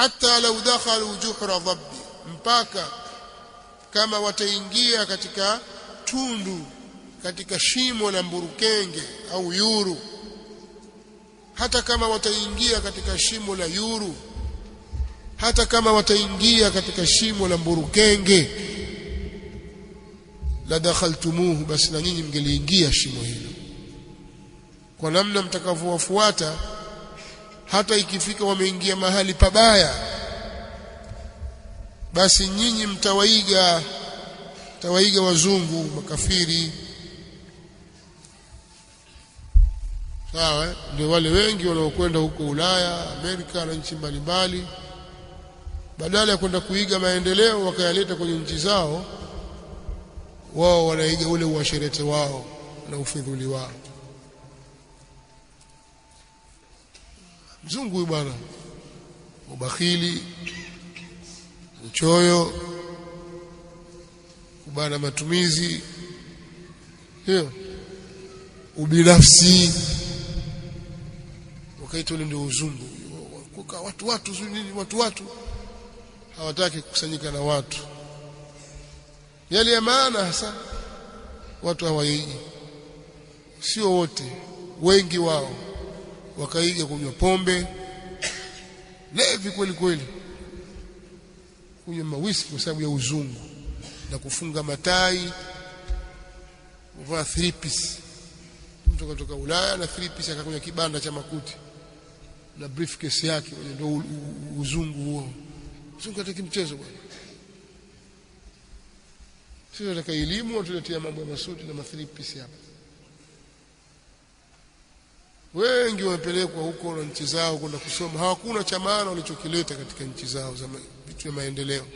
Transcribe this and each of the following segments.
hata lau dakhalu juhra dhabbi mpaka kama wataingia katika tundu katika shimo la mburukenge au yuru hata kama wataingia katika shimo la yuru hata kama wataingia katika shimo la mburukenge la dakhaltumuhu basi na nyinyi mngeliingia shimo hilo kwa namna mtakavyowafuata hata ikifika wameingia mahali pabaya basi nyinyi mtawaiga mtawaiga wazungu makafiri sawa eh? ndio wale wengi wanaokwenda huko Ulaya Amerika na nchi mbalimbali badala ya kwenda kuiga maendeleo wakayaleta kwenye nchi zao wao wanaiga ule uasherete wao na ufidhuli wao mzungu huyu bwana ubakhili uchoyo kubana matumizi hiyo ubinafsi wakaita ule ndio uzungu watu watu nini watu watu hawataki kukusanyika na watu yale ya maana hasa watu hawaiji sio wote wengi wao wakaiga kunywa pombe levi kweli kweli kunywa mawiski kwa sababu ya uzungu na kufunga matai kuvaa three piece mtu kutoka Ulaya na three piece akakunywa kibanda cha makuti na briefcase yake ndio uzungu huo uzungu ataki mchezo bwana sio ataka elimu watuletea mambo ya masuti na mathripis piece hapa wengi wamepelekwa huko na nchi zao kwenda kusoma, hawakuna cha maana walichokileta katika nchi zao za vitu vya maendeleo.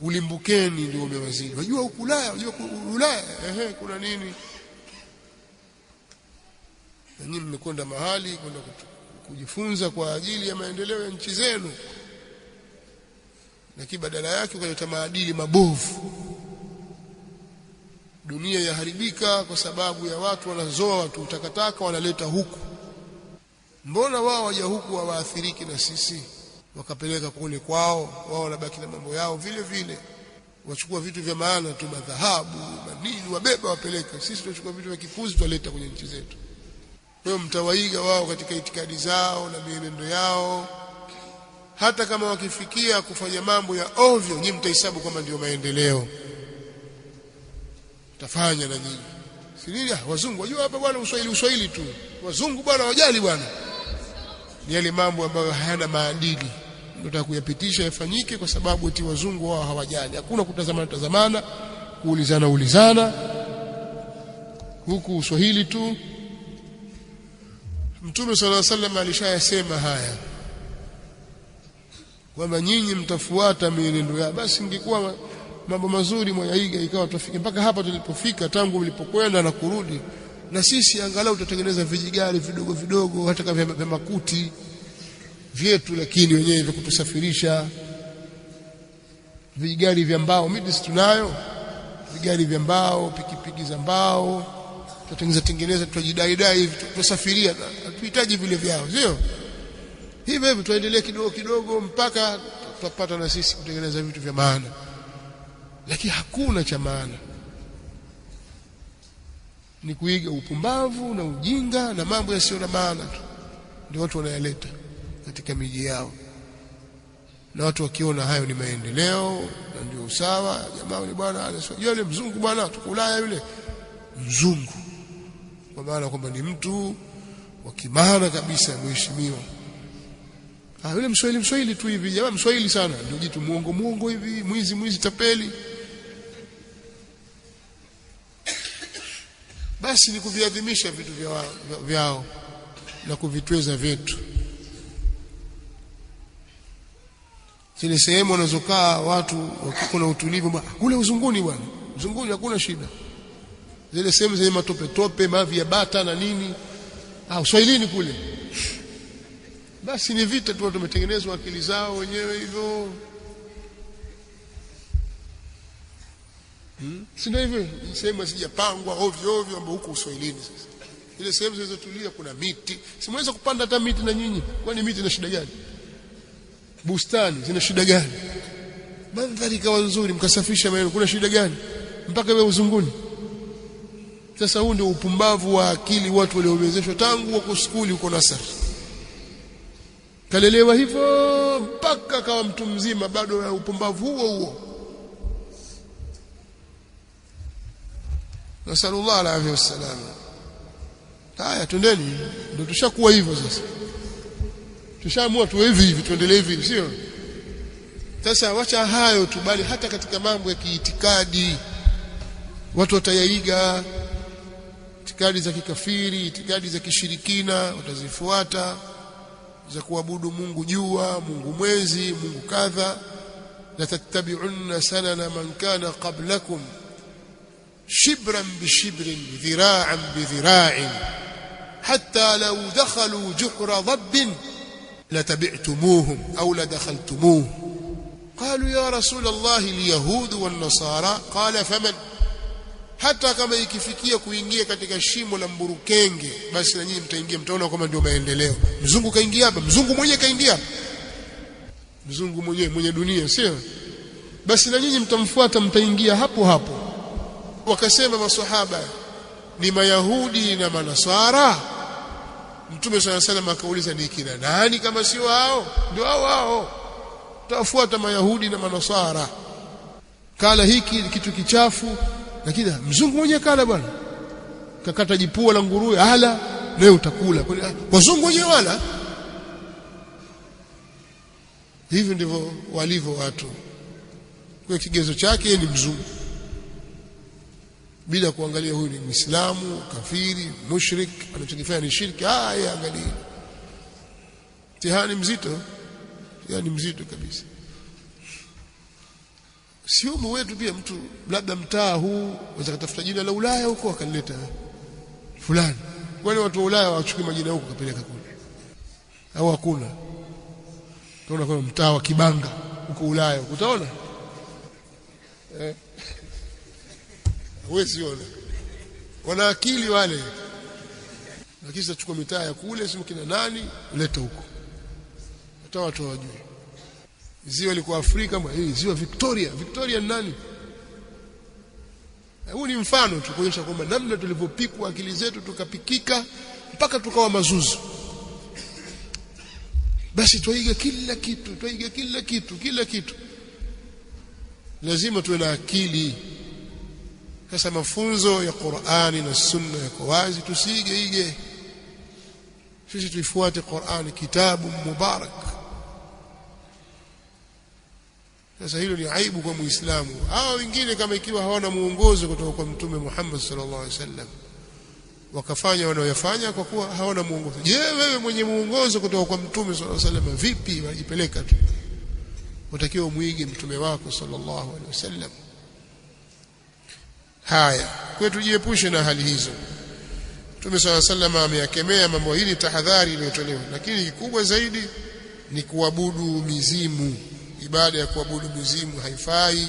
Ulimbukeni ndio umewazidi. Wajua huku Ulaya, wajua Ulaya, ehe, kuna nini? Na nyinyi mmekwenda mahali kwenda kujifunza kwa ajili ya maendeleo ya nchi zenu, lakini badala yake ukaleta maadili mabovu dunia yaharibika kwa sababu ya watu wanazoa watu utakataka wanaleta huku mbona wao waja huku wawaathiriki na sisi wakapeleka kule kwao wao wanabaki na mambo yao vile vile wachukua vitu vya maana tu madhahabu manini wabeba wapeleka sisi tunachukua vitu vya kipuzi twaleta kwenye nchi zetu kwa hiyo mtawaiga wao katika itikadi zao na mienendo yao hata kama wakifikia kufanya mambo ya ovyo nyinyi mtahesabu kwamba ndio maendeleo tafanya na nyinyi sirili ah, wazungu wajua hapa bwana uswahili uswahili tu wazungu bwana wajali bwana ni yale mambo ambayo hayana maadili ndio kuyapitisha yafanyike kwa sababu eti wazungu wao hawajali hakuna kutazamana tazamana kuulizana ulizana huku uswahili tu Mtume صلى alayhi wasallam alishayasema haya kwamba nyinyi mtafuata mienendo ya basi ngekuwa mambo mazuri mwayaiga ikawa tufike mpaka hapa tulipofika tangu mlipokwenda na kurudi na sisi angalau tutatengeneza vijigari vidogo vidogo hata kama vya makuti vyetu lakini wenyewe vya kutusafirisha vijigari vya mbao midis tunayo vigari vya mbao pikipiki za mbao tutatengeneza tengeneza tutajidaidai hivi tutasafiria hatuhitaji vile vyao sio hivyo hivyo tuendelee kidogo kidogo mpaka tutapata na sisi kutengeneza vitu vya maana lakini hakuna cha maana. Ni kuiga upumbavu na ujinga na mambo yasiyo na maana tu ndio watu wanayaleta katika miji yao, na watu wakiona hayo ni maendeleo na ndio usawa. Jamaa yule bwana yule mzungu bwana, tuko Ulaya yule mzungu, kwa maana kwamba ni mtu wa kimaana kabisa, mheshimiwa Ah, yule Mswahili Mswahili tu hivi jamaa Mswahili sana ndio jitu muongo muongo hivi mwizi mwizi tapeli basi ni kuviadhimisha vitu vyao, na kuvitweza vyetu zile sehemu wanazokaa watu wakiko na utulivu kule uzunguni bwana uzunguni hakuna shida zile sehemu zenye matope tope mavi ya bata na nini ah uswahilini kule basi ni vita tu tumetengenezwa akili zao wenyewe hivyo hmm? si ndio hivyo sehemu hazijapangwa ovyo ovyo ambapo huko uswahilini sasa ile sehemu zilizotulia kuna miti simweza kupanda hata miti na nyinyi kwani miti na shida gani bustani zina shida gani mandhari kawa nzuri mkasafisha maeneo kuna shida gani mpaka wewe uzunguni sasa huu ndio upumbavu wa akili watu waliowezeshwa tangu wako skuli huko nasari kalelewa hivyo mpaka kawa mtu mzima bado ya upumbavu huo huo nasalullah alayhi wasallam haya twendeni ndio tushakuwa hivyo sasa tushaamua tuwe hivi hivi tuendelee hivi sio sasa wacha hayo tu bali hata katika mambo ya kiitikadi watu watayaiga itikadi za kikafiri itikadi za kishirikina watazifuata za kuabudu Mungu jua Mungu mwezi Mungu kadha la tattabi'unna sanana man kana qablakum shibran bishibrin dhira'an bidhira'in hatta law dakhalu juhra dhabbin latabi'tumuhum au ladakhaltumuhu qalu ya rasul allah alyahud wan nasara qala faman hata kama ikifikia kuingia katika shimo la mburukenge basi na nyinyi mtaingia mtaona kama ndio maendeleo mzungu kaingia hapa mzungu mwenyewe kaingia mzungu mwenyewe mwenye dunia sio basi na nyinyi mtamfuata mtaingia hapo hapo wakasema maswahaba ni mayahudi na manaswara mtume sala salam akauliza ni kina nani kama sio wao ndio hao wao tafuata mayahudi na manaswara kala hiki kitu kichafu lakini mzungu mwenyewe kala bwana kakata jipua la nguruwe ala leo utakula wazungu wenyewe wala hivi ndivyo walivyo watu kwa kigezo chake ni mzungu bila kuangalia huyu ni Muislamu, kafiri, mushrik, anachokifanya ni shirki. Ah, angalia mtihani mzito, yani mzito kabisa. Sio wetu pia, mtu labda mtaa huu waweza katafuta jina la Ulaya huko akalileta fulani. Wale watu wa Ulaya wachukui majina huko kapeleka kule au hakuna? Utaona kwa mtaa wa Kibanga huko Ulaya, utaona eh? huwezi ona, wana akili wale. lakini kisha chukua mitaa ya kule, simu kina nani, leta huko, hata watu hawajui ziwa liko Afrika mwa hii ziwa Victoria. Victoria nani? Eh, huu ni mfano tu kuonyesha kwamba namna tulivyopikwa akili zetu tukapikika mpaka tukawa mazuzu. Basi twaiga kila kitu, twaiga kila kitu, kila kitu. Lazima tuwe na akili. Sasa mafunzo ya Qur'ani na Sunna yako wazi, tusiige ige. Sisi tuifuate Qur'ani, kitabu mubarak. Sasa hilo ni aibu kwa Muislamu. Hawa wengine kama ikiwa hawana mwongozo kutoka kwa Mtume Muhammad sallallahu alaihi wasallam wakafanya wanaoyafanya kwa kuwa hawana mwongozo Je, wewe mwenye mwongozo kutoka kwa Mtume sallallahu alaihi wasallam vipi? Wanajipeleka tu. Utakiwa muige mtume wako sallallahu alaihi wasallam haya kwetu tujiepushe na hali hizo Mtume swalla sallam ameyakemea mambo hili tahadhari iliyotolewa lakini kikubwa zaidi ni kuabudu mizimu ibada ya kuabudu mizimu haifai